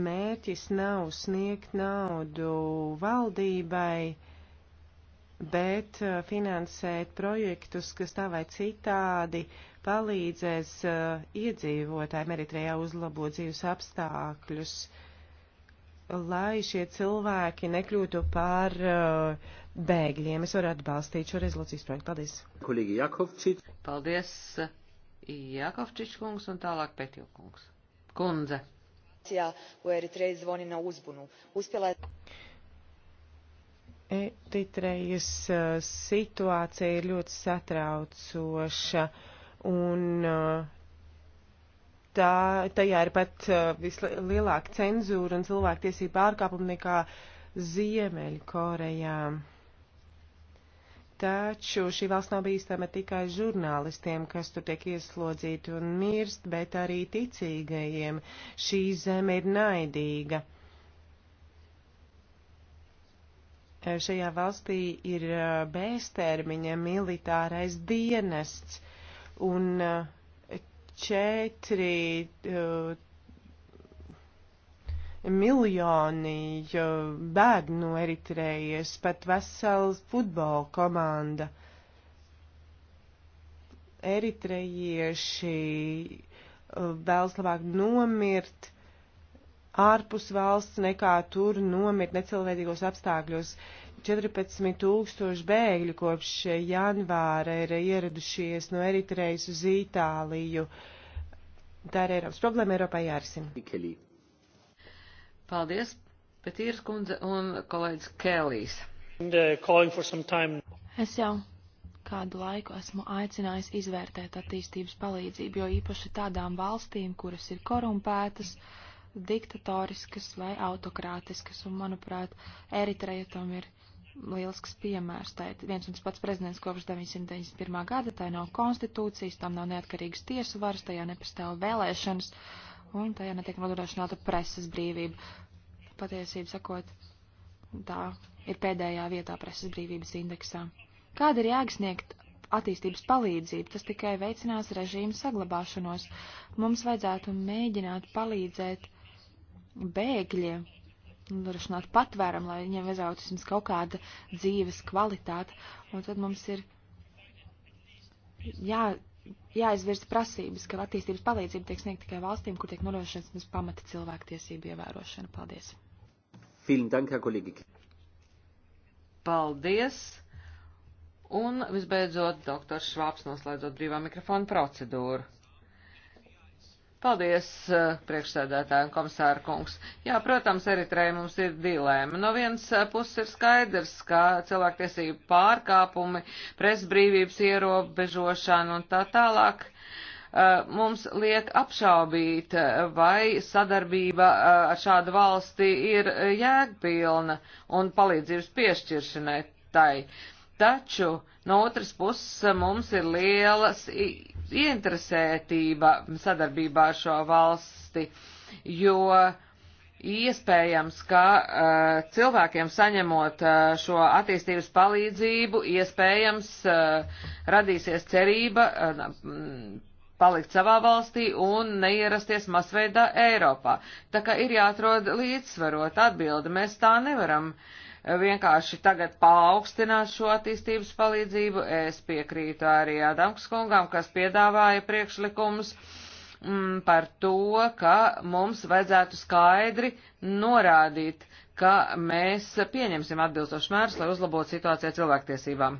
mērķis nav sniegt naudu valdībai, bet uh, finansēt projektus, kas tā vai citādi palīdzēs uh, iedzīvotājiem Eritrejā uzlabot dzīves apstākļus lai šie cilvēki nekļūtu par uh, bēgļiem. Es varu atbalstīt šo rezolūcijas projektu. Paldies. Kolīgi Jakovčič. Paldies, Jakovčič kungs un tālāk Petjo kungs. Kundze situacija u Eritreji zvoni na uzbunu. Uspjela je... Eritrejas e, situācija ir ļoti satraucoša un e, tā, tajā ir pat e, vislielāka cenzūra un cilvēktiesība pārkāpuma nekā Ziemeļkorejā. Taču šī valsts nav bīstama tikai žurnālistiem, kas tur tiek ieslodzīti un mirst, bet arī ticīgajiem. Šī zeme ir naidīga. Eh, šajā valstī ir eh, bēstermiņa militārais dienests un eh, četri miljoni bēg no Eritrejas, pat vesels futbola komanda. Eritrejieši uh, vēlas labāk nomirt ārpus valsts nekā tur nomirt necilvētīgos apstākļos. 14 tūkstoši bēgļu kopš janvāra ir ieradušies no Eritrejas uz Itāliju. Tā ir Eiropas problēma, Eiropā jārisina. Paldies, Petīras kundze un kolēģis Kēlīs. Uh, es jau kādu laiku esmu aicinājis izvērtēt attīstības palīdzību, jo īpaši tādām valstīm, kuras ir korumpētas, diktatoriskas vai autokrātiskas, un, manuprāt, Eritreja tam ir lielisks piemērs. Tā ir viens un tas pats prezidents kopš 991. gada, tā nav konstitūcijas, tam nav neatkarīgas tiesu varas, tajā nepastāv vēlēšanas. Uh, un tajā netiek nodrošināta preses brīvība. Patiesību sakot, tā ir pēdējā vietā preses brīvības indeksā. Kāda ir jāgsniegt attīstības palīdzību, tas tikai veicinās režīmu saglabāšanos. Mums vajadzētu mēģināt palīdzēt bēgļiem, nodrošināt patvēram, lai viņiem vajadzētu vismaz kaut kāda dzīves kvalitāte, un tad mums ir jā, jāizvirza prasības, ka attīstības palīdzība tiek sniegta tikai valstīm, kur tiek nodrošināts pamata cilvēktiesību ievērošana. Paldies! Paldies! Un visbeidzot, doktors Švāps noslēdzot brīvā mikrofona procedūru. Paldies, eh, priekšsēdētāji un komisāra kungs. Jā, protams, Eritreja mums ir dilēma. No vienas eh, puses ir skaidrs, ka cilvēktiesību pārkāpumi, presbrīvības ierobežošana un tā tālāk eh, mums liek apšaubīt, vai sadarbība ar šādu valsti ir jēgpilna un palīdzības piešķiršanai tai. Uh, Taču no otras puses mums ir lielas ieinteresētība sadarbībā ar šo valsti, jo iespējams, ka uh, cilvēkiem saņemot uh, šo attīstības palīdzību, iespējams uh, radīsies cerība palikt savā valstī un neierasties masveidā Eiropā. Tā kā ir jāatrod līdzsvarot atbildi, mēs tā nevaram uh, vienkārši tagad paaugstināt šo attīstības palīdzību. Es piekrītu arī Adams kungam, kas piedāvāja priekšlikumus mm, par to, ka mums vajadzētu skaidri norādīt, ka mēs pieņemsim atbilstošu mērus, lai uzlabotu situāciju cilvēktiesībām.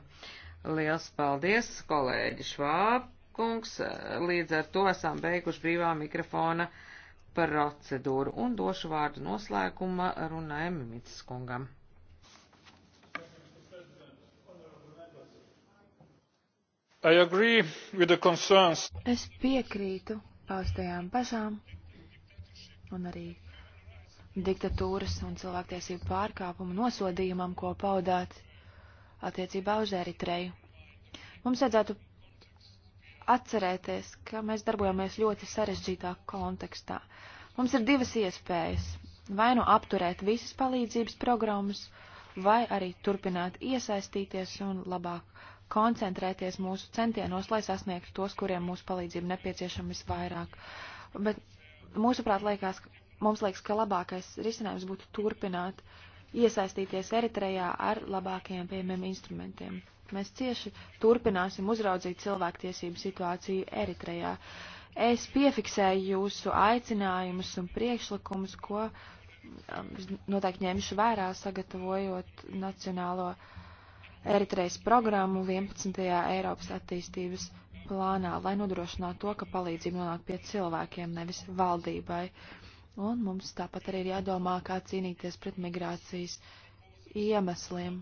Liels paldies, kolēģi Švābkungs. Līdz ar to esam beiguši brīvā mikrofona procedūru un došu vārdu noslēguma runājumu Mitsas kungam. Es piekrītu paustajām bažām un arī diktatūras un cilvēktiesību pārkāpumu nosodījumam, ko paudāt attiecībā uz Eritreju. Mums vajadzētu atcerēties, ka mēs darbojamies ļoti sarežģītā kontekstā. Mums ir divas iespējas - vai nu apturēt visas palīdzības programmas, vai arī turpināt iesaistīties un labāk koncentrēties mūsu centienos, lai sasniegtu tos, kuriem mūsu palīdzība nepieciešama visvairāk. Bet mūsuprāt, liekas, mums liekas, ka labākais risinājums būtu turpināt iesaistīties Eritrejā ar labākajiem pieejamiem instrumentiem. Mēs cieši turpināsim uzraudzīt cilvēktiesību situāciju Eritrejā. Es piefiksēju jūsu aicinājumus un priekšlikumus, ko um, noteikti ņemšu vērā, sagatavojot nacionālo uh, Eritrejas programmu 11. Eiropas attīstības plānā, lai nodrošinātu to, ka palīdzība nonāk pie cilvēkiem, nevis valdībai. Un mums tāpat arī ir jādomā, kā cīnīties pret migrācijas iemesliem.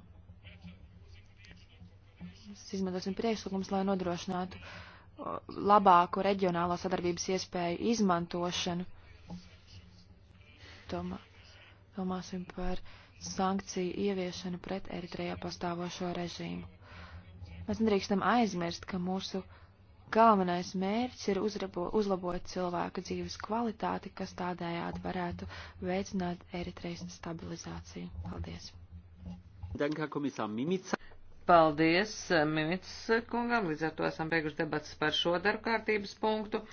Mēs izmantosim priekšlikums, lai nodrošinātu labāku reģionālo sadarbības iespēju izmantošanu. Domā, domāsim par uh, sankciju ieviešanu pret Eritrejā pastāvošo režīmu. Mēs nedrīkstam aizmirst, ka mūsu galvenais mērķis ir uzrabo, uzlabot cilvēku dzīves kvalitāti, kas tādējādi varētu veicināt Eritrejas stabilizāciju. Paldies! Paldies Mimits kungam, līdz ar to esam beiguši debatas par šo darbkārtības punktu.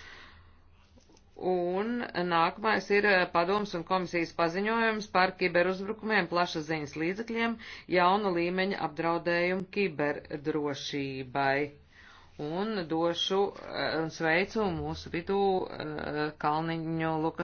Un nākamais ir eh, padoms un komisijas paziņojums par kiberuzbrukumiem, plašas ziņas līdzekļiem, jauna līmeņa apdraudējumu kiberdrošībai. Un došu eh, un sveicu mūsu vidū eh, Kalniņu Lukas.